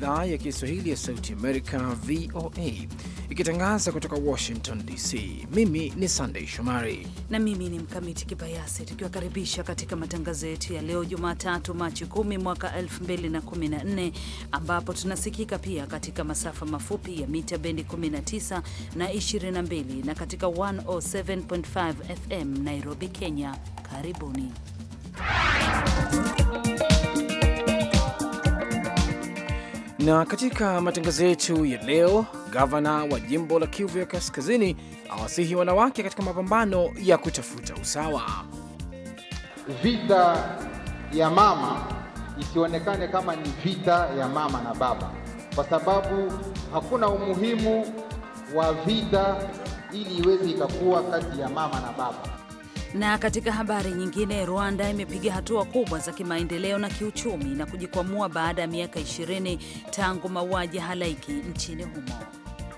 idhaa ya Kiswahili ya Sauti Amerika, VOA, ikitangaza kutoka Washington DC. Mimi ni Sandei Shomari na mimi ni Mkamiti Kibayasi, tukiwakaribisha katika matangazo yetu ya leo Jumatatu, Machi 10 mwaka 2014, ambapo tunasikika pia katika masafa mafupi ya mita bendi 19 na 22 na katika 107.5 FM Nairobi, Kenya. Karibuni. Na katika matangazo yetu ya leo, gavana wa jimbo la Kivu ya Kaskazini awasihi wanawake katika mapambano ya kutafuta usawa. Vita ya mama isionekane kama ni vita ya mama na baba, kwa sababu hakuna umuhimu wa vita ili iweze ikakuwa kati ya mama na baba. Na katika habari nyingine, Rwanda imepiga hatua kubwa za kimaendeleo na kiuchumi na kujikwamua baada ya miaka 20 tangu mauaji halaiki nchini humo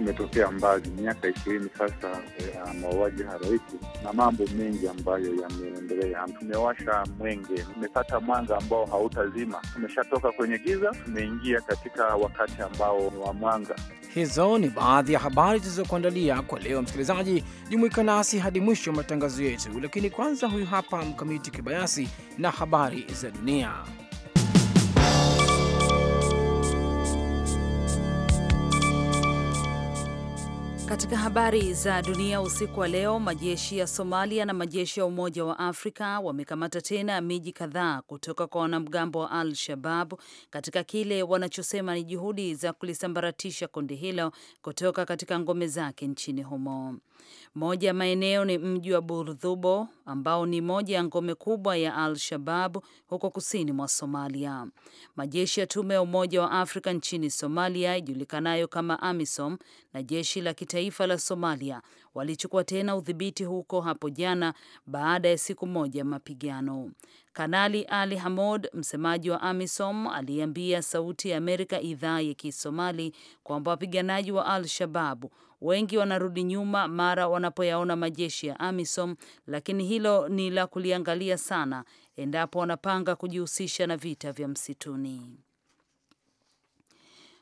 tumetokea mbali miaka ishirini sasa ya mauaji haraiki na mambo mengi ambayo yameendelea. Tumewasha mwenge, tumepata mwanga ambao hautazima. Tumeshatoka kwenye giza, tumeingia katika wakati ambao ni wa mwanga. Hizo ni baadhi ya habari zilizokuandalia kwa leo. Msikilizaji, jumuika nasi hadi mwisho wa matangazo yetu, lakini kwanza, huyu hapa Mkamiti Kibayasi na habari za dunia. Katika habari za dunia usiku wa leo, majeshi ya Somalia na majeshi ya Umoja wa Afrika wamekamata tena miji kadhaa kutoka kwa wanamgambo wa Al Shabab katika kile wanachosema ni juhudi za kulisambaratisha kundi hilo kutoka katika ngome zake nchini humo. Moja ya maeneo ni mji wa Burdhubo ambao ni moja ya ngome kubwa ya Al-Shabab huko kusini mwa Somalia. Majeshi ya tume ya Umoja wa Afrika nchini Somalia ijulikanayo kama AMISOM na jeshi la kitaifa la Somalia walichukua tena udhibiti huko hapo jana baada ya siku moja mapigano. Kanali Ali Hamod, msemaji wa AMISOM, aliambia Sauti ya Amerika idhaa ya Kisomali kwamba wapiganaji wa Al-Shababu Wengi wanarudi nyuma mara wanapoyaona majeshi ya AMISOM, lakini hilo ni la kuliangalia sana endapo wanapanga kujihusisha na vita vya msituni.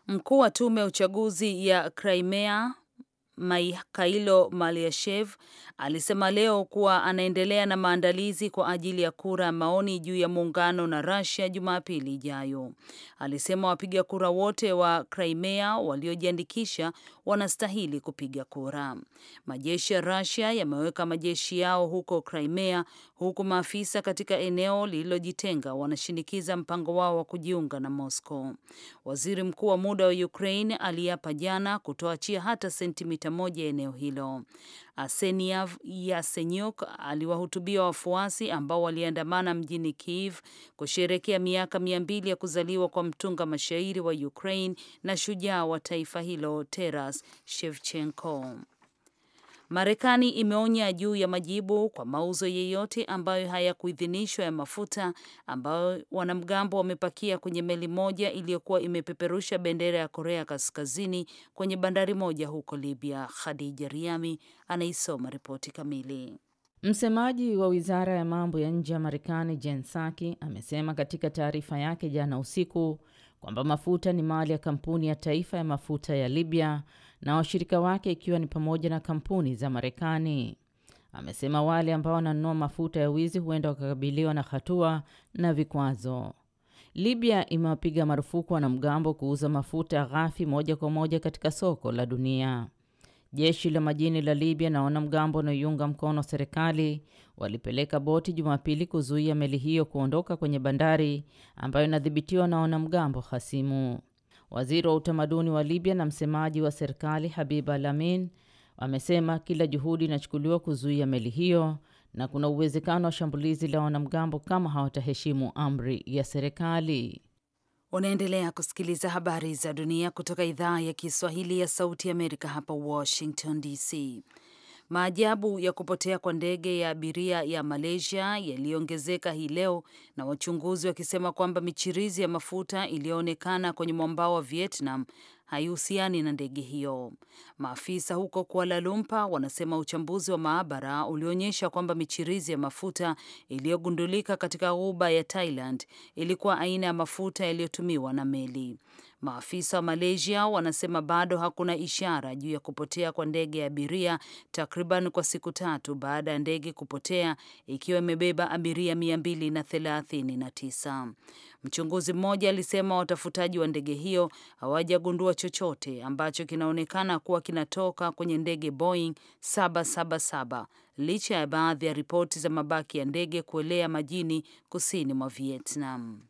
Mkuu wa tume ya uchaguzi ya Crimea Mikhailo Maliashev alisema leo kuwa anaendelea na maandalizi kwa ajili ya kura ya maoni juu ya muungano na Russia Jumapili ijayo. Alisema wapiga kura wote wa Crimea waliojiandikisha wanastahili kupiga kura. Majeshi ya Russia yameweka majeshi yao huko Crimea, huku maafisa katika eneo lililojitenga wanashinikiza mpango wao wa kujiunga na Moscow. Waziri mkuu wa muda wa Ukraine aliapa jana kutoachia hata sentimita moja eneo hilo aseniav Yasenyuk aliwahutubia wafuasi ambao waliandamana mjini Kiev kusherekea miaka mia mbili ya kuzaliwa kwa mtunga mashairi wa Ukraine na shujaa wa taifa hilo Taras Shevchenko. Marekani imeonya juu ya majibu kwa mauzo yeyote ambayo hayakuidhinishwa ya mafuta ambayo wanamgambo wamepakia kwenye meli moja iliyokuwa imepeperusha bendera ya Korea Kaskazini kwenye bandari moja huko Libya. Khadija Riami anaisoma ripoti kamili. Msemaji wa wizara ya mambo ya nje ya Marekani Jen Psaki amesema katika taarifa yake jana usiku kwamba mafuta ni mali ya kampuni ya taifa ya mafuta ya Libya na washirika wake ikiwa ni pamoja na kampuni za Marekani. Amesema wale ambao wananunua mafuta ya wizi huenda wakakabiliwa na hatua na vikwazo. Libya imewapiga marufuku wanamgambo kuuza mafuta ghafi moja kwa moja katika soko la dunia. Jeshi la majini la Libya na wanamgambo wanaoiunga mkono serikali walipeleka boti Jumapili kuzuia meli hiyo kuondoka kwenye bandari ambayo inadhibitiwa na wanamgambo hasimu. Waziri wa utamaduni wa Libya na msemaji wa serikali Habib Alamin wamesema kila juhudi inachukuliwa kuzuia meli hiyo na kuna uwezekano wa shambulizi la wanamgambo kama hawataheshimu amri ya serikali. Unaendelea kusikiliza habari za dunia kutoka idhaa ya Kiswahili ya Sauti ya Amerika hapa Washington DC. Maajabu ya kupotea kwa ndege ya abiria ya Malaysia yaliyoongezeka hii leo, na wachunguzi wakisema kwamba michirizi ya mafuta iliyoonekana kwenye mwambao wa Vietnam haihusiani na ndege hiyo. Maafisa huko Kuala Lumpur wanasema uchambuzi wa maabara ulionyesha kwamba michirizi ya mafuta iliyogundulika katika ghuba ya Thailand ilikuwa aina ya mafuta yaliyotumiwa na meli. Maafisa wa Malaysia wanasema bado hakuna ishara juu ya kupotea kwa ndege ya abiria takriban kwa siku tatu baada ya ndege kupotea ikiwa imebeba abiria tisa Mchunguzi mmoja alisema watafutaji wa ndege hiyo hawajagundua chochote ambacho kinaonekana kuwa kinatoka kwenye ndege Boeing 777 licha ya baadhi ya ripoti za mabaki ya ndege kuelea majini kusini mwa Vietnam.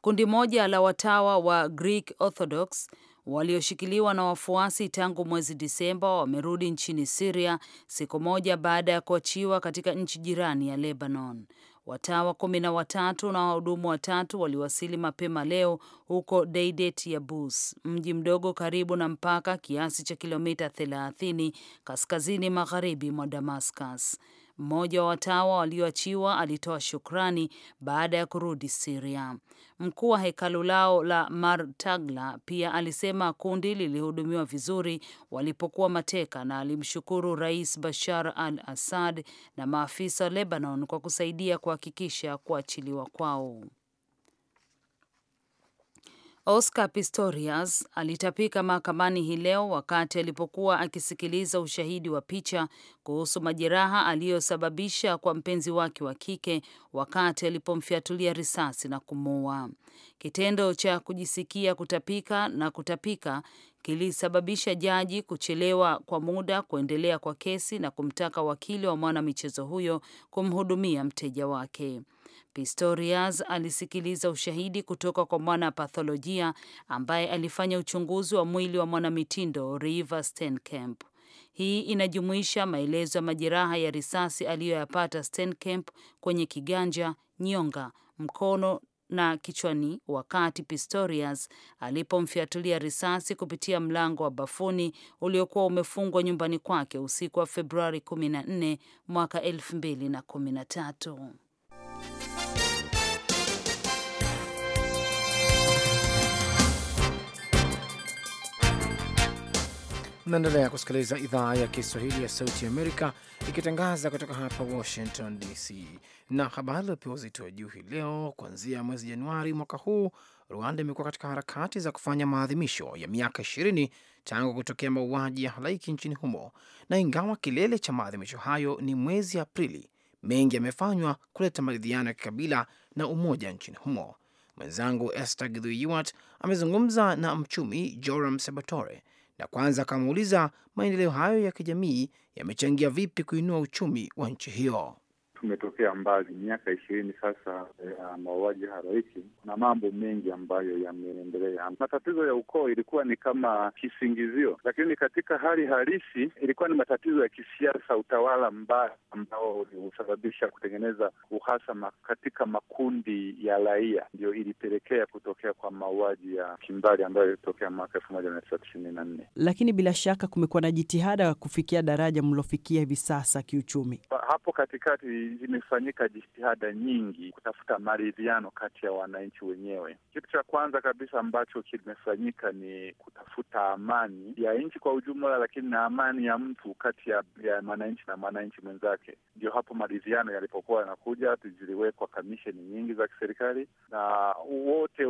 Kundi moja la watawa wa Greek Orthodox walioshikiliwa na wafuasi tangu mwezi Disemba wamerudi nchini Siria siku moja baada ya kuachiwa katika nchi jirani ya Lebanon. Watawa kumi na watatu na wahudumu watatu waliwasili mapema leo huko Deidet bus mji mdogo karibu na mpaka, kiasi cha kilomita 30 kaskazini magharibi mwa Damascus. Mmoja wa watawa walioachiwa alitoa shukrani baada ya kurudi Siria. Mkuu wa hekalu lao la Martagla pia alisema kundi lilihudumiwa vizuri walipokuwa mateka na alimshukuru Rais Bashar al Assad na maafisa wa Lebanon kwa kusaidia kuhakikisha kuachiliwa kwao. Oscar Pistorius alitapika mahakamani hii leo wakati alipokuwa akisikiliza ushahidi wa picha kuhusu majeraha aliyosababisha kwa mpenzi wake wa kike wakati alipomfyatulia risasi na kumuua. Kitendo cha kujisikia kutapika na kutapika kilisababisha jaji kuchelewa kwa muda kuendelea kwa kesi na kumtaka wakili wa mwanamichezo huyo kumhudumia mteja wake. Pistorius alisikiliza ushahidi kutoka kwa mwana patholojia ambaye alifanya uchunguzi wa mwili wa mwanamitindo Reeva Steenkamp. Hii inajumuisha maelezo ya majeraha ya risasi aliyoyapata Steenkamp kwenye kiganja, nyonga, mkono na kichwani wakati Pistorius alipomfyatulia risasi kupitia mlango wa bafuni uliokuwa umefungwa nyumbani kwake usiku wa Februari 14 mwaka 2013. Mnaendelea kusikiliza idhaa ya Kiswahili ya Sauti Amerika ikitangaza kutoka hapa Washington DC. Na habari iliyopewa uzito wa juu hii leo, kuanzia mwezi Januari mwaka huu, Rwanda imekuwa katika harakati za kufanya maadhimisho ya miaka ishirini tangu kutokea mauaji ya halaiki nchini humo, na ingawa kilele cha maadhimisho hayo ni mwezi Aprili, mengi yamefanywa kuleta maridhiano ya kikabila na umoja nchini humo. Mwenzangu Esther Githui amezungumza na mchumi Joram Sebatore na kwanza akamuuliza maendeleo hayo ya kijamii yamechangia vipi kuinua uchumi wa nchi hiyo tumetokea mbali miaka ishirini sasa eh, ya mauaji haraiki halaiki na mambo mengi ambayo yameendelea. Matatizo ya ukoo ilikuwa ni kama kisingizio, lakini katika hali halisi ilikuwa ni matatizo ya kisiasa, utawala mbaya ambao husababisha kutengeneza uhasama katika makundi ya raia, ndio ilipelekea kutokea kwa mauaji ya kimbali ambayo ilitokea mwaka elfu moja mia tisa tisini na nne. Lakini bila shaka kumekuwa na jitihada ya kufikia daraja mlilofikia hivi sasa kiuchumi. Hapo katikati zimefanyika jitihada nyingi kutafuta maridhiano kati ya wananchi wenyewe. Kitu cha kwanza kabisa ambacho kimefanyika ni kutafuta amani ya nchi kwa ujumla, lakini na amani ya mtu kati ya, ya mwananchi na mwananchi mwenzake. Ndio hapo maridhiano yalipokuwa yanakuja, ziliwekwa kamisheni nyingi za kiserikali na wote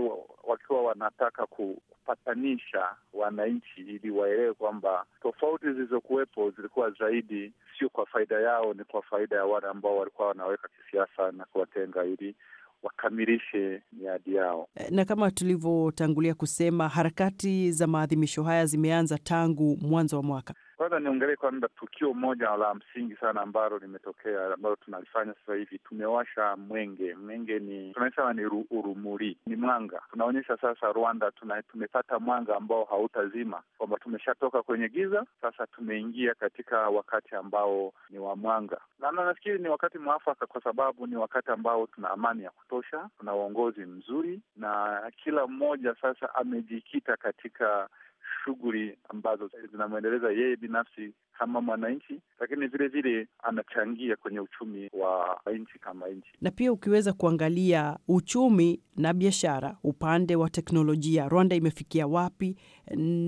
wakiwa wanataka ku kuwapatanisha wananchi ili waelewe kwamba tofauti zilizokuwepo zilikuwa zaidi sio kwa faida yao, ni kwa faida ya wale ambao walikuwa wanaweka kisiasa na kuwatenga ili wakamilishe miadi yao. Eh, na kama tulivyotangulia kusema, harakati za maadhimisho haya zimeanza tangu mwanzo wa mwaka. Kwanza niongelee kwamba tukio moja la msingi sana ambalo limetokea ambalo tunalifanya sasa hivi, tumewasha mwenge. Mwenge ni tunasema ni urumuri, ni mwanga. Tunaonyesha sasa Rwanda tuna, tumepata mwanga ambao hautazima, kwamba tumeshatoka kwenye giza, sasa tumeingia katika wakati ambao ni wa mwanga, na nafikiri ni wakati mwafaka, kwa sababu ni wakati ambao tuna amani ya kutosha, tuna uongozi mzuri na kila mmoja sasa amejikita katika shughuli ambazo zinamwendeleza yeye binafsi kama mwananchi, lakini vile vile anachangia kwenye uchumi wa nchi kama nchi. Na pia ukiweza kuangalia uchumi na biashara, upande wa teknolojia, Rwanda imefikia wapi?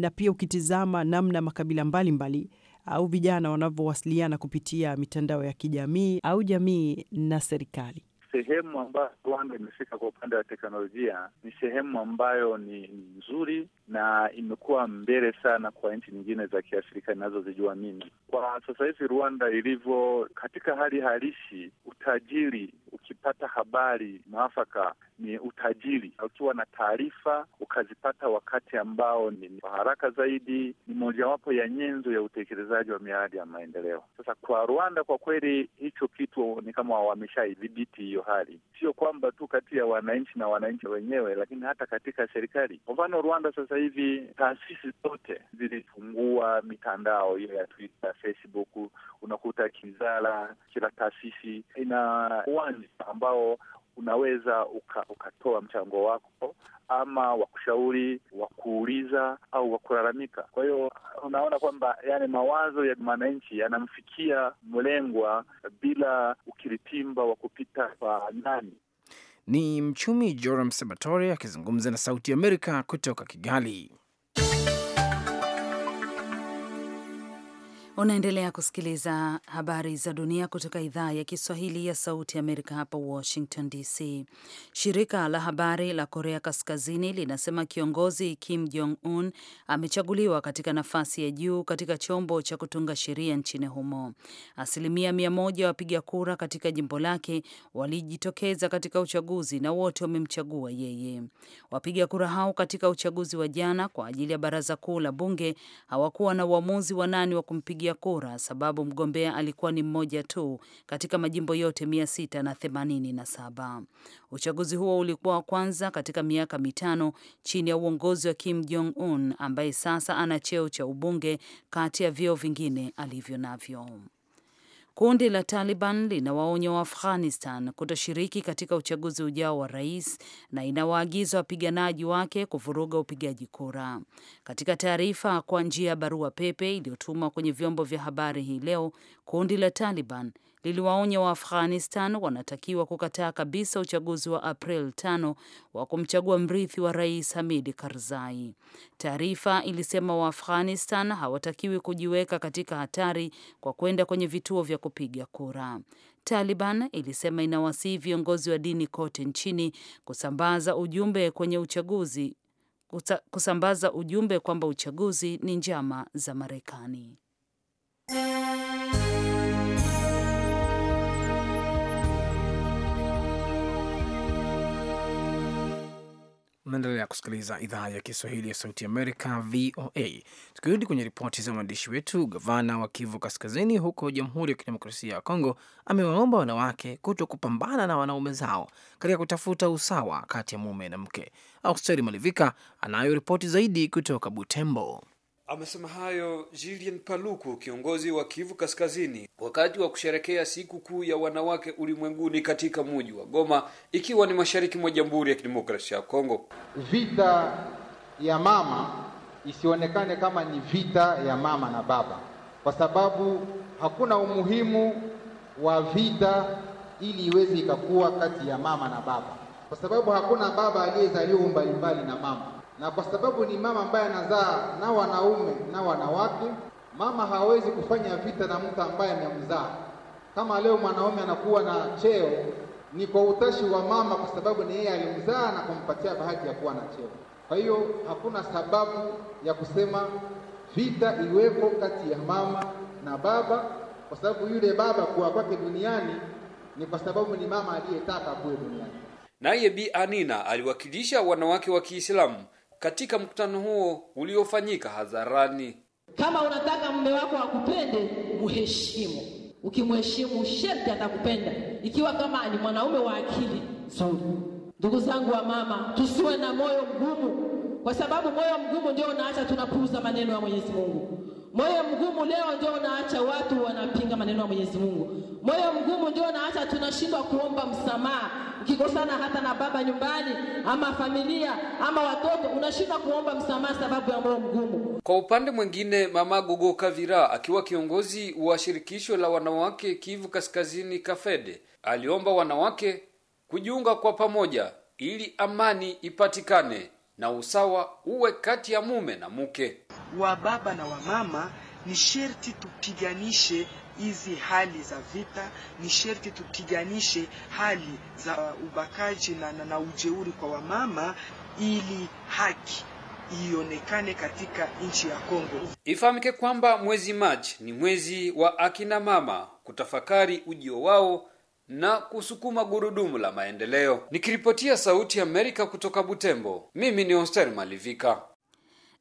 Na pia ukitizama namna makabila mbalimbali mbali au vijana wanavyowasiliana kupitia mitandao ya kijamii au jamii na serikali sehemu ambayo Rwanda imefika kwa upande wa teknolojia ni sehemu ambayo ni nzuri na imekuwa mbele sana kwa nchi nyingine za Kiafrika inazozijua mimi. Kwa sasa hivi Rwanda ilivyo katika hali halisi, utajiri ukipata habari mwafaka ni utajiri. Ukiwa na taarifa ukazipata wakati ambao ni haraka zaidi, ni mojawapo ya nyenzo ya utekelezaji wa miradi ya maendeleo. Sasa kwa Rwanda, kwa kweli hicho kitu ni kama wameshaidhibiti hiyo hali, sio kwamba tu kati ya wananchi na wananchi wenyewe, lakini hata katika serikali. Kwa mfano, Rwanda sasa hivi taasisi zote zilifungua mitandao hiyo ya Twitter, Facebook. Unakuta kizara, kila taasisi ina uwanja ambao unaweza uka, ukatoa mchango wako ama wa kushauri, wa kuuliza au wa kulalamika. Kwa hiyo unaona kwamba yani mawazo ya mwananchi yanamfikia mlengwa bila ukiritimba wa kupita kwa nani Ni mchumi Joram Sebatore akizungumza na Sauti Amerika kutoka Kigali. Unaendelea kusikiliza habari za dunia kutoka idhaa ya Kiswahili ya Sauti Amerika hapa Washington DC. Shirika la habari la Korea Kaskazini linasema kiongozi Kim Jong Un amechaguliwa katika nafasi ya juu katika chombo cha kutunga sheria nchini humo. Asilimia mia moja wapiga kura katika jimbo lake walijitokeza katika uchaguzi na wote wamemchagua yeye. Wapiga kura hao katika uchaguzi wa jana kwa ajili ya baraza kuu la bunge hawakuwa na uamuzi wa nani wa kumpiga kupigia kura, sababu mgombea alikuwa ni mmoja tu katika majimbo yote mia sita na themanini na saba. Uchaguzi huo ulikuwa wa kwanza katika miaka mitano chini ya uongozi wa Kim Jong Un ambaye sasa ana cheo cha ubunge kati ya vyeo vingine alivyo navyo. Kundi la Taliban linawaonya wa Afghanistan kutoshiriki katika uchaguzi ujao wa rais na inawaagiza wapiganaji wake kuvuruga upigaji kura. Katika taarifa kwa njia ya barua pepe iliyotumwa kwenye vyombo vya habari hii leo, kundi la Taliban liliwaonya Waafghanistan wanatakiwa kukataa kabisa uchaguzi wa April tano wa kumchagua mrithi wa rais Hamid Karzai. Taarifa ilisema Waafghanistan hawatakiwi kujiweka katika hatari kwa kwenda kwenye vituo vya kupiga kura. Taliban ilisema inawasihi viongozi wa dini kote nchini kusambaza ujumbe kwenye uchaguzi kusambaza ujumbe kwamba uchaguzi ni njama za Marekani. Unaendelea kusikiliza idhaa ya Kiswahili ya Sauti Amerika, VOA. Tukirudi kwenye ripoti za waandishi wetu, gavana wa Kivu Kaskazini huko Jamhuri ya Kidemokrasia ya Kongo amewaomba wanawake kuto kupambana na wanaume zao katika kutafuta usawa kati ya mume na mke. Austeri Malivika anayo ripoti zaidi kutoka Butembo. Amesema hayo Julien Paluku, kiongozi wa Kivu Kaskazini, wakati wa kusherekea siku kuu ya wanawake ulimwenguni katika muji wa Goma, ikiwa ni mashariki mwa Jamhuri ya Kidemokrasia ya Kongo. Vita ya mama isionekane kama ni vita ya mama na baba, kwa sababu hakuna umuhimu wa vita ili iweze ikakuwa kati ya mama na baba, kwa sababu hakuna baba aliyezaliwa mbali na mama na kwa sababu ni mama ambaye anazaa na wanaume na wanawake, mama hawezi kufanya vita na mtu ambaye amemzaa. Kama leo mwanaume anakuwa na cheo, ni kwa utashi wa mama, kwa sababu ni yeye alimzaa na kumpatia bahati ya kuwa na cheo. Kwa hiyo hakuna sababu ya kusema vita iwepo kati ya mama na baba, kwa sababu yule baba kuwa kwake duniani ni kwa sababu ni mama aliyetaka kuwe duniani. Naye Bi Anina aliwakilisha wanawake wa Kiislamu katika mkutano huo uliofanyika hadharani. Kama unataka mume wako akupende, muheshimu. Ukimheshimu sharti atakupenda, ikiwa kama ni mwanaume wa akili nzuri. Ndugu zangu wa mama, tusiwe na moyo mgumu, kwa sababu moyo mgumu ndio unaacha tunapuuza maneno ya Mwenyezi Mungu. Moyo mgumu leo ndio unaacha watu wanapinga maneno ya Mwenyezi Mungu. Moyo mgumu ndio unaacha tunashindwa kuomba msamaha, ukikosana hata na baba nyumbani ama familia ama watoto, unashindwa kuomba msamaha sababu ya moyo mgumu. Kwa upande mwingine, Mama Gogo Kavira akiwa kiongozi wa shirikisho la wanawake Kivu Kaskazini Kafede aliomba wanawake kujiunga kwa pamoja ili amani ipatikane na usawa uwe kati ya mume na mke wa baba na wa mama, ni sherti tupiganishe hizi hali za vita, ni sherti tupiganishe hali za ubakaji na, na, na ujeuri kwa wamama ili haki ionekane katika nchi ya Kongo. Ifahamike kwamba mwezi Machi ni mwezi wa akina mama kutafakari ujio wao na kusukuma gurudumu la maendeleo. Nikiripotia Sauti ya Amerika kutoka Butembo, mimi ni Hoster Malivika.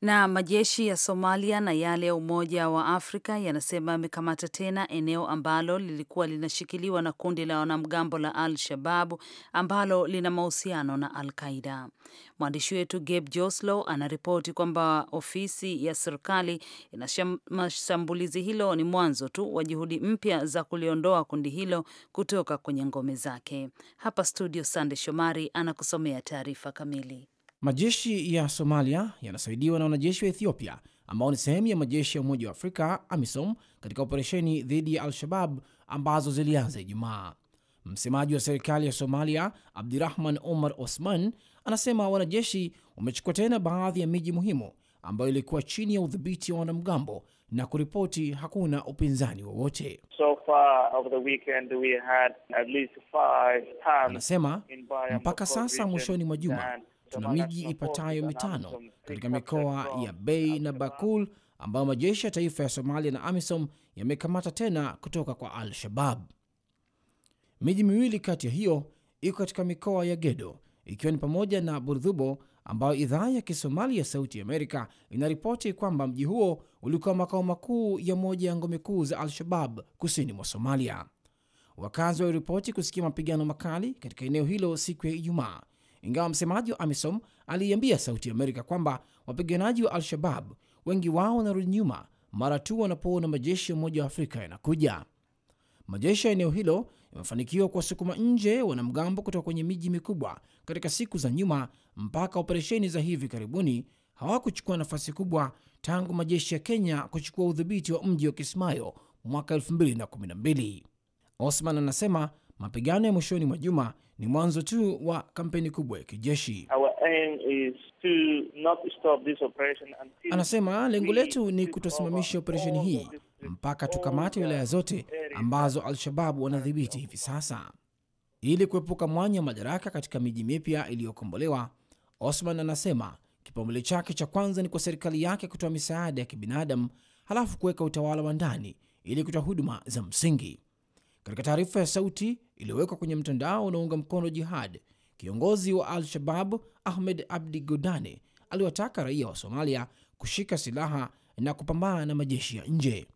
Na majeshi ya Somalia na yale ya Umoja wa Afrika yanasema yamekamata tena eneo ambalo lilikuwa linashikiliwa na kundi la wanamgambo la Al Shababu ambalo lina mahusiano na Al Qaida. Mwandishi wetu Gabe Joslow anaripoti kwamba ofisi ya serikali inasema shambulizi hilo ni mwanzo tu wa juhudi mpya za kuliondoa kundi hilo kutoka kwenye ngome zake. Hapa studio, Sande Shomari anakusomea taarifa kamili. Majeshi ya Somalia yanasaidiwa na wanajeshi wa Ethiopia ambao ni sehemu ya majeshi ya Umoja wa Afrika AMISOM katika operesheni dhidi ya Al-Shabab ambazo zilianza Ijumaa. Msemaji wa serikali ya Somalia Abdirahman Omar Osman anasema wanajeshi wamechukua tena baadhi ya miji muhimu ambayo ilikuwa chini ya udhibiti wa wanamgambo na kuripoti hakuna upinzani wowote. So anasema mpaka sasa mwishoni mwa juma tuna miji ipatayo mitano katika mikoa ya bei na Bakul ambayo majeshi ya taifa ya Somalia na AMISOM yamekamata tena kutoka kwa Al-Shabab. Miji miwili kati ya hiyo iko katika mikoa ya Gedo, ikiwa ni pamoja na Burdhubo ambayo idhaa ya Kisomali ya Sauti ya Amerika inaripoti kwamba mji huo ulikuwa makao makuu ya moja ya ngome kuu za Al-Shabab kusini mwa Somalia. Wakazi waliripoti kusikia mapigano makali katika eneo hilo siku ya Ijumaa ingawa msemaji wa AMISOM aliiambia Sauti ya Amerika kwamba wapiganaji wa Al-Shabab wengi wao wanarudi nyuma mara tu wanapoona majeshi ya Umoja wa Afrika yanakuja. Majeshi ya eneo hilo yamefanikiwa kuwasukuma nje wanamgambo kutoka kwenye miji mikubwa katika siku za nyuma, mpaka operesheni za hivi karibuni hawakuchukua nafasi kubwa tangu majeshi ya Kenya kuchukua udhibiti wa mji wa Kismayo mwaka 212 Osman anasema Mapigano ya mwishoni mwa juma ni mwanzo tu wa kampeni kubwa ya kijeshi Anasema lengo letu ni kutosimamisha operesheni hii mpaka tukamate wilaya zote ambazo Al-Shababu wanadhibiti hivi sasa, ili kuepuka mwanya wa madaraka katika miji mipya iliyokombolewa. Osman anasema kipaumbele chake cha kwanza ni kwa serikali yake kutoa misaada ya kibinadamu, halafu kuweka utawala wa ndani ili kutoa huduma za msingi. Katika taarifa ya sauti iliyowekwa kwenye mtandao unaunga mkono jihad, kiongozi wa Al-Shabab Ahmed Abdi Godane aliwataka raia wa Somalia kushika silaha na kupambana na majeshi ya nje.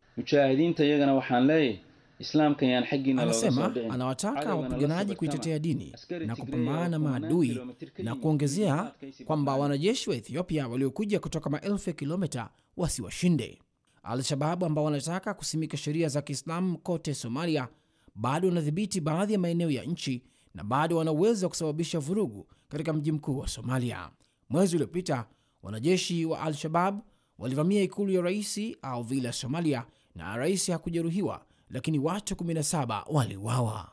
Anasema anawataka wapiganaji kuitetea dini na kupambana na maadui, na kuongezea kwamba wanajeshi wa Ethiopia waliokuja kutoka maelfu ya kilomita wasiwashinde Al-Shababu, ambao wanataka kusimika sheria za Kiislamu kote Somalia bado wanadhibiti baadhi ya maeneo ya nchi na bado wana uwezo wa kusababisha vurugu katika mji mkuu wa Somalia. Mwezi uliopita wanajeshi wa Al-Shabab walivamia ikulu ya rais au vila Somalia, na rais hakujeruhiwa, lakini watu 17 waliuawa.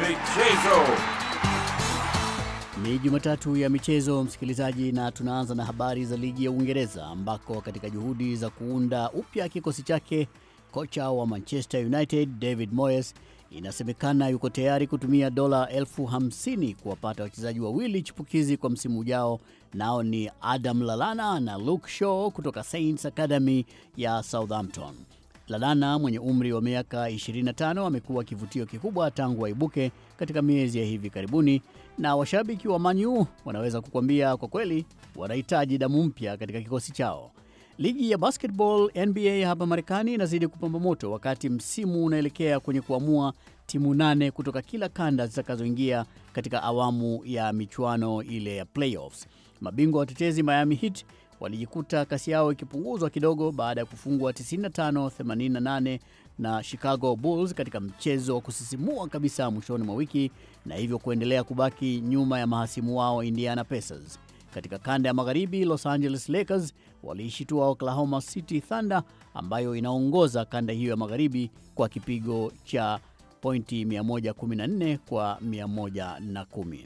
Michezo. Ni Jumatatu ya michezo, msikilizaji, na tunaanza na habari za ligi ya Uingereza ambako katika juhudi za kuunda upya kikosi chake kocha wa Manchester United David Moyes inasemekana yuko tayari kutumia dola elfu hamsini kuwapata wachezaji wawili chipukizi kwa msimu ujao, nao ni Adam lalana na Luke Shaw kutoka Saints Academy ya Southampton. lalana mwenye umri wa miaka 25 amekuwa kivutio kikubwa tangu waibuke katika miezi ya hivi karibuni, na washabiki wa manyu wanaweza kukwambia kwa kweli wanahitaji damu mpya katika kikosi chao. Ligi ya basketball NBA hapa Marekani inazidi kupamba moto wakati msimu unaelekea kwenye kuamua timu nane kutoka kila kanda zitakazoingia katika awamu ya michuano ile ya playoffs. Mabingwa watetezi Miami Heat walijikuta kasi yao ikipunguzwa kidogo baada ya kufungwa 95-88 na Chicago Bulls katika mchezo wa kusisimua kabisa mwishoni mwa wiki na hivyo kuendelea kubaki nyuma ya mahasimu wao Indiana Pacers. Katika kanda ya magharibi, Los Angeles Lakers waliishitua Oklahoma City Thunder ambayo inaongoza kanda hiyo ya magharibi kwa kipigo cha pointi 114 kwa 110.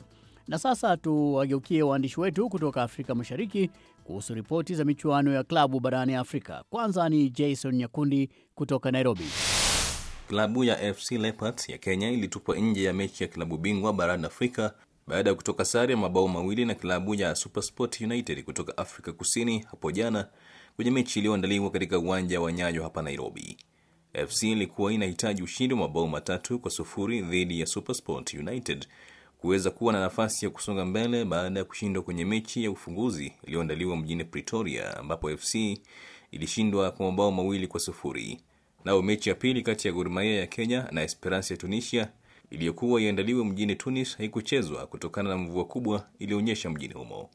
Na sasa tuwageukie waandishi wetu kutoka Afrika Mashariki kuhusu ripoti za michuano ya klabu barani Afrika. Kwanza ni Jason Nyakundi kutoka Nairobi. Klabu ya FC Leopards ya Kenya ilitupwa nje ya mechi ya klabu bingwa barani Afrika baada ya kutoka sare ya mabao mawili na klabu ya Supersport United kutoka Afrika Kusini hapo jana kwenye mechi iliyoandaliwa katika uwanja wa Nyayo hapa Nairobi. FC ilikuwa inahitaji ushindi wa mabao matatu kwa sufuri dhidi ya Supersport United kuweza kuwa na nafasi ya kusonga mbele baada ya kushindwa kwenye mechi ya ufunguzi iliyoandaliwa mjini Pretoria ambapo FC ilishindwa kwa mabao mawili kwa sufuri. Nao mechi ya pili kati ya Gor ya Kenya na Esperance ya Tunisia iliyokuwa iandaliwe mjini Tunis haikuchezwa kutokana na mvua kubwa iliyoonyesha mjini humo.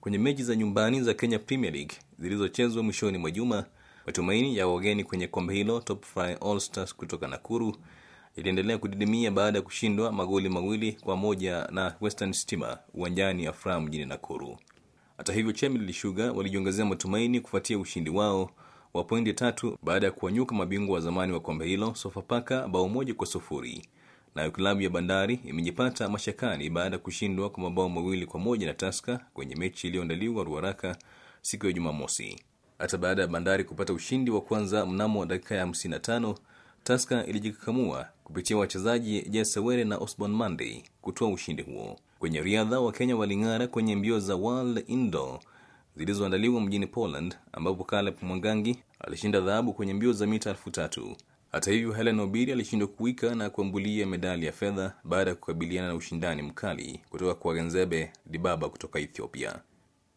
Kwenye mechi za nyumbani za Kenya Premier League zilizochezwa mwishoni mwa juma, matumaini ya wageni kwenye kombe hilo Top All Stars kutoka Nakuru iliendelea kudidimia baada ya kushindwa magoli mawili kwa moja na Western Stima uwanjani afra mjini Nakuru. Hata hivyo, Chemelil walijiongezea matumaini kufuatia ushindi wao wa pointi tatu baada ya kuwanyuka mabingwa wa zamani wa kombe hilo Sofapaka bao moja kwa sufuri nayo klabu ya bandari imejipata mashakani baada ya kushindwa kwa mabao mawili kwa moja na taska kwenye mechi iliyoandaliwa ruaraka siku ya jumamosi hata baada ya bandari kupata ushindi wa kwanza mnamo dakika ya 55 taska ilijikakamua kupitia wachezaji jesewere na osborn monday kutoa ushindi huo kwenye riadha wakenya waling'ara kwenye mbio za world indo zilizoandaliwa mjini poland ambapo caleb mwangangi alishinda dhahabu kwenye mbio za mita elfu tatu hata hivyo, Helen Obiri alishindwa kuwika na kuambulia medali ya fedha baada ya kukabiliana na ushindani mkali kutoka kwa Genzebe Dibaba kutoka Ethiopia.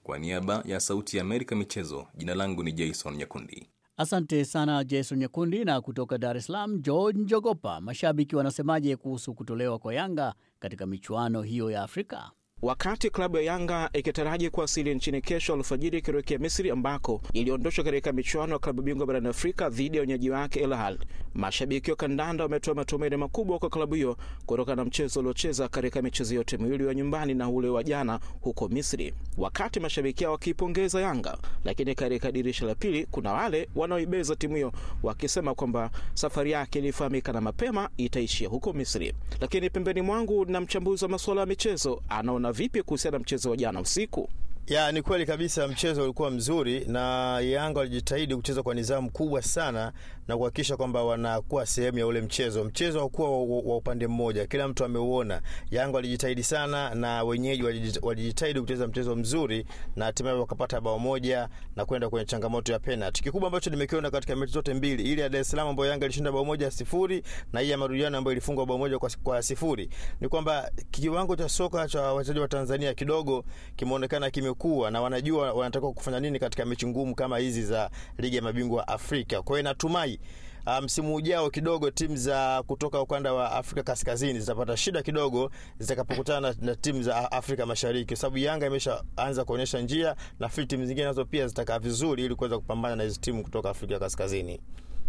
Kwa niaba ya Sauti ya Amerika michezo, jina langu ni Jason Nyakundi. Asante sana Jason Nyakundi. Na kutoka Dar es Salaam, George Njogopa, mashabiki wanasemaje kuhusu kutolewa kwa Yanga katika michuano hiyo ya Afrika? Wakati klabu ya Yanga ikitaraji kuwasili nchini kesho alfajiri ikirokea Misri ambako iliondoshwa katika michuano ya klabu bingwa barani Afrika dhidi ya wenyeji wake El Ahly, mashabiki wa kandanda wametoa matumaini makubwa kwa klabu hiyo kutokana na mchezo uliocheza katika michezo yote miwili wa nyumbani na ule wa jana huko Misri. Wakati mashabiki hao wakiipongeza Yanga, lakini katika dirisha la pili kuna wale wanaoibeza timu hiyo wakisema kwamba safari yake ilifahamika na mapema itaishia huko Misri. Lakini pembeni mwangu na mchambuzi wa masuala ya michezo anaona vipi kuhusiana na mchezo wa jana usiku? Ya, ni kweli kabisa mchezo ulikuwa mzuri na Yanga walijitahidi kucheza kwa nidhamu kubwa sana na kuhakikisha kwamba wanakuwa sehemu ya ule mchezo. Mchezo haukuwa wa upande mmoja, kila mtu ameuona. Yanga walijitahidi sana na wenyeji walijitahidi kucheza mchezo mzuri na hatimaye wakapata bao moja na kwenda kwenye changamoto ya penalty. Kikubwa ambacho nimekiona katika mechi zote mbili, ile ya Dar es Salaam ambayo Yanga ilishinda bao moja sifuri na hii ya marudiano ambayo ilifungwa bao moja kwa, kwa sifuri, ni kwamba kiwango cha soka cha wachezaji wa Tanzania kidogo kimeonekana kime wanakuwa na wanajua wanatakiwa kufanya nini katika mechi ngumu kama hizi za ligi ya mabingwa Afrika. Kwa hiyo natumai ah, msimu um, ujao kidogo timu za kutoka ukanda wa Afrika Kaskazini zitapata shida kidogo zitakapokutana na na timu za Afrika Mashariki, sababu Yanga imeshaanza kuonyesha njia, nafikiri timu zingine nazo pia zitakaa vizuri ili kuweza kupambana na hizo timu kutoka Afrika Kaskazini.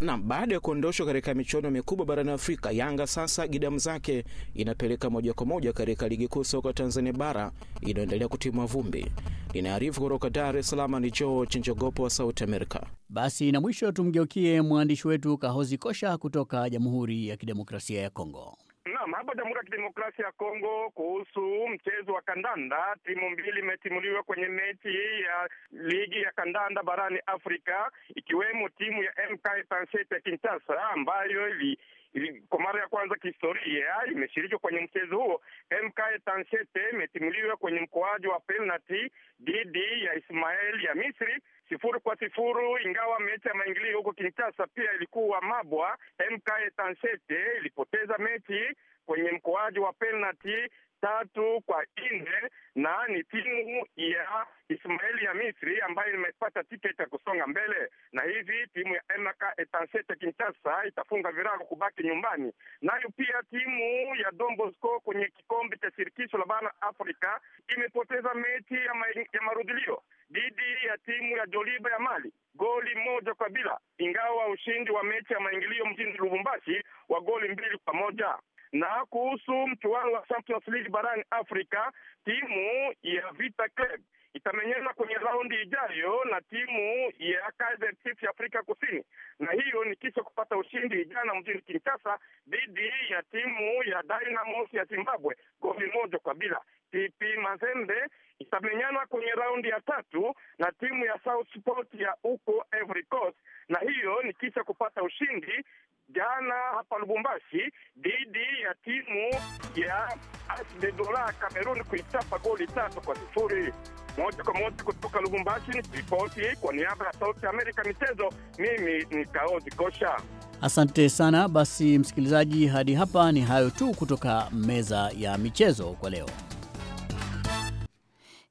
Na baada ya kuondoshwa katika michuano mikubwa barani Afrika, Yanga sasa gidamu zake inapeleka moja kwa moja katika ligi kuu soka Tanzania bara inaendelea kutimwa vumbi. Inaarifu kutoka Dar es Salaam ni choo chinjogopo wa Sauti Amerika. Basi na mwisho tumgeukie mwandishi wetu Kahozi Kosha kutoka Jamhuri ya Kidemokrasia ya Kongo. nam hapa Jamhuri ya Kidemokrasia ya Kongo, kuhusu mchezo wa kandanda, timu mbili imetimuliwa kwenye mechi ya ligi ya kandanda barani Afrika, ikiwemo timu ya MK Sansete ya Kinshasa ambayo kwa mara ya kwanza kihistoria imeshiriki kwenye mchezo huo. MK Tanshete imetimuliwa kwenye mkoaji wa penalti dhidi ya Ismael ya Misri sifuri kwa sifuru, ingawa mechi ya maingilio huko Kinshasa pia ilikuwa mabwa. MK Tanshete ilipoteza mechi kwenye mkoaji wa penalti tatu kwa nne na ni timu ya Ismaili ya Misri ambayo imepata tiketi ya kusonga mbele, na hivi timu ya MK Etansete Kinshasa itafunga virago kubaki nyumbani. Nayo pia timu ya Dombosco kwenye kikombe cha shirikisho la bara Afrika imepoteza mechi ya, ma ya marudilio dhidi ya timu ya Joliba ya Mali goli moja kwa bila, ingawa ushindi wa mechi ya maingilio mjini Lubumbashi wa goli mbili kwa moja. Na kuhusu mchuano wa Champions League barani Afrika, timu ya Vita Club itamenyana kwenye raundi ijayo na timu ya Kaizer Chiefs ya Afrika Kusini, na hiyo ni kisha kupata ushindi jana mjini Kinshasa dhidi ya timu ya Dynamos ya Zimbabwe goli moja kwa bila. TP Mazembe itamenyana kwenye raundi ya tatu na timu ya South Sport ya uko Ivory Coast, na hiyo ni kisha kupata ushindi jana hapa Lubumbashi dhidi ya timu ya AS Dola Cameroon kuichapa goli tatu kwa sifuri. Moja kwa moja kutoka Lubumbashi ni ripoti kwa niaba ya Sauti Amerika michezo, mimi ni Kaozi Kosha. Asante sana. Basi msikilizaji, hadi hapa ni hayo tu kutoka meza ya michezo kwa leo.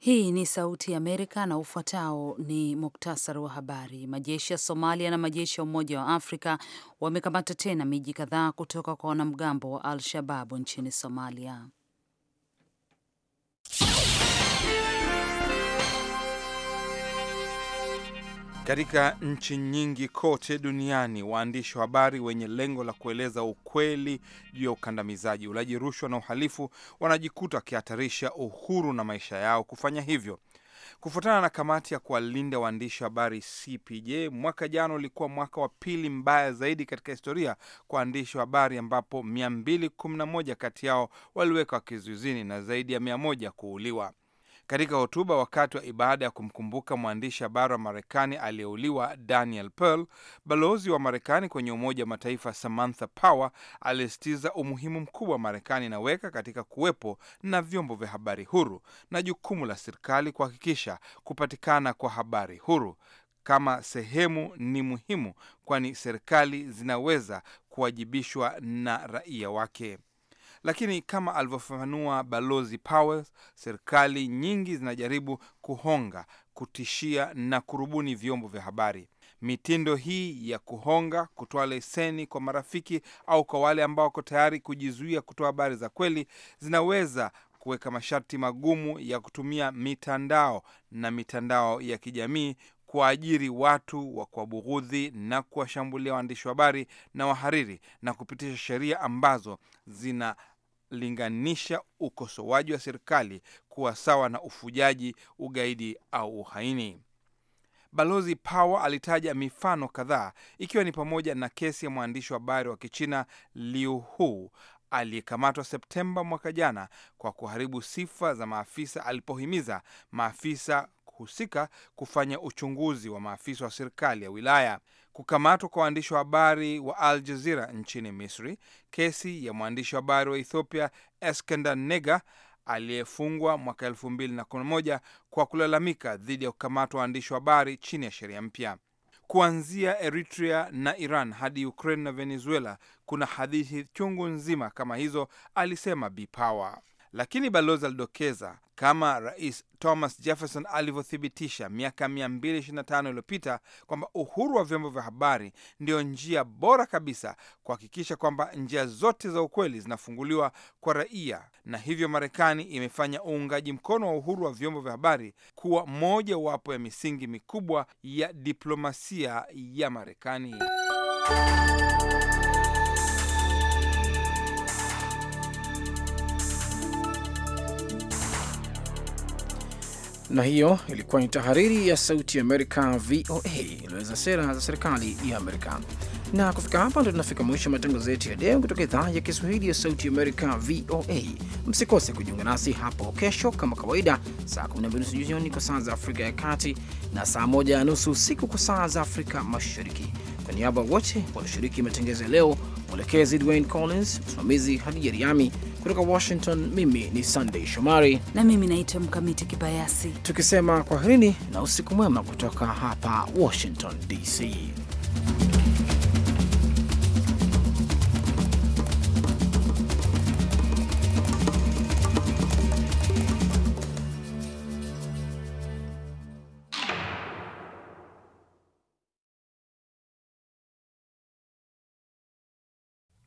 Hii ni Sauti ya Amerika na ufuatao ni muktasari wa habari. Majeshi ya Somalia na majeshi ya Umoja wa Afrika wamekamata tena miji kadhaa kutoka kwa wanamgambo wa Al Shababu nchini Somalia. Katika nchi nyingi kote duniani waandishi wa habari wenye lengo la kueleza ukweli juu ya ukandamizaji, ulaji rushwa na uhalifu wanajikuta wakihatarisha uhuru na maisha yao kufanya hivyo. Kufuatana na kamati ya kuwalinda waandishi wa habari CPJ, mwaka jana ulikuwa mwaka wa pili mbaya zaidi katika historia kwa waandishi wa habari, ambapo 211 kati yao waliwekwa kizuizini na zaidi ya 100 kuuliwa. Katika hotuba wakati wa ibada ya kumkumbuka mwandishi habari wa Marekani aliyeuliwa Daniel Pearl, balozi wa Marekani kwenye Umoja wa Mataifa Samantha Power alisisitiza umuhimu mkubwa wa Marekani inaweka katika kuwepo na vyombo vya habari huru na jukumu la serikali kuhakikisha kupatikana kwa habari huru kama sehemu ni muhimu, kwani serikali zinaweza kuwajibishwa na raia wake. Lakini kama alivyofafanua Balozi Powers, serikali nyingi zinajaribu kuhonga, kutishia na kurubuni vyombo vya habari. Mitindo hii ya kuhonga, kutoa leseni kwa marafiki au kwa wale ambao wako tayari kujizuia kutoa habari za kweli, zinaweza kuweka masharti magumu ya kutumia mitandao na mitandao ya kijamii kuajiri watu wa kuwabughudhi na kuwashambulia waandishi wa habari na wahariri na kupitisha sheria ambazo zina linganisha ukosoaji wa serikali kuwa sawa na ufujaji, ugaidi au uhaini. Balozi Power alitaja mifano kadhaa ikiwa ni pamoja na kesi ya mwandishi wa habari wa Kichina Liu Hu aliyekamatwa Septemba mwaka jana kwa kuharibu sifa za maafisa alipohimiza maafisa husika kufanya uchunguzi wa maafisa wa serikali ya wilaya. Kukamatwa kwa waandishi wa habari wa Al Jazira nchini Misri, kesi ya mwandishi wa habari wa Ethiopia Eskender Nega aliyefungwa mwaka moja kwa kulalamika dhidi ya kukamatwa waandishi wa habari chini ya sheria mpya. Kuanzia Eritrea na Iran hadi Ukraine na Venezuela, kuna hadithi chungu nzima kama hizo, alisema Bipawa. Lakini balozi alidokeza kama Rais Thomas Jefferson alivyothibitisha miaka 225 iliyopita kwamba uhuru wa vyombo vya habari ndiyo njia bora kabisa kuhakikisha kwamba njia zote za ukweli zinafunguliwa kwa raia, na hivyo Marekani imefanya uungaji mkono wa uhuru wa vyombo vya habari kuwa moja wapo ya misingi mikubwa ya diplomasia ya Marekani. Na hiyo ilikuwa ni tahariri ya Sauti ya Amerika, VOA, ilieleza sera za serikali ya Amerika. Na kufika hapa ndo tunafika mwisho wa matangazo yetu ya leo kutoka idhaa ya Kiswahili ya Sauti ya Amerika, VOA. Msikose kujiunga nasi hapo kesho kama kawaida, saa 12 jioni kwa saa za Afrika ya Kati na saa 1 na nusu usiku kwa saa za Afrika Mashariki. Kwa niaba wote walioshiriki matangazo ya leo, mwelekezi Dwayne Collins, msimamizi Hadija Riami. Kutoka Washington, mimi ni Sunday Shomari na mimi naitwa Mkamiti Kibayasi, tukisema kwaherini na usiku mwema kutoka hapa Washington DC.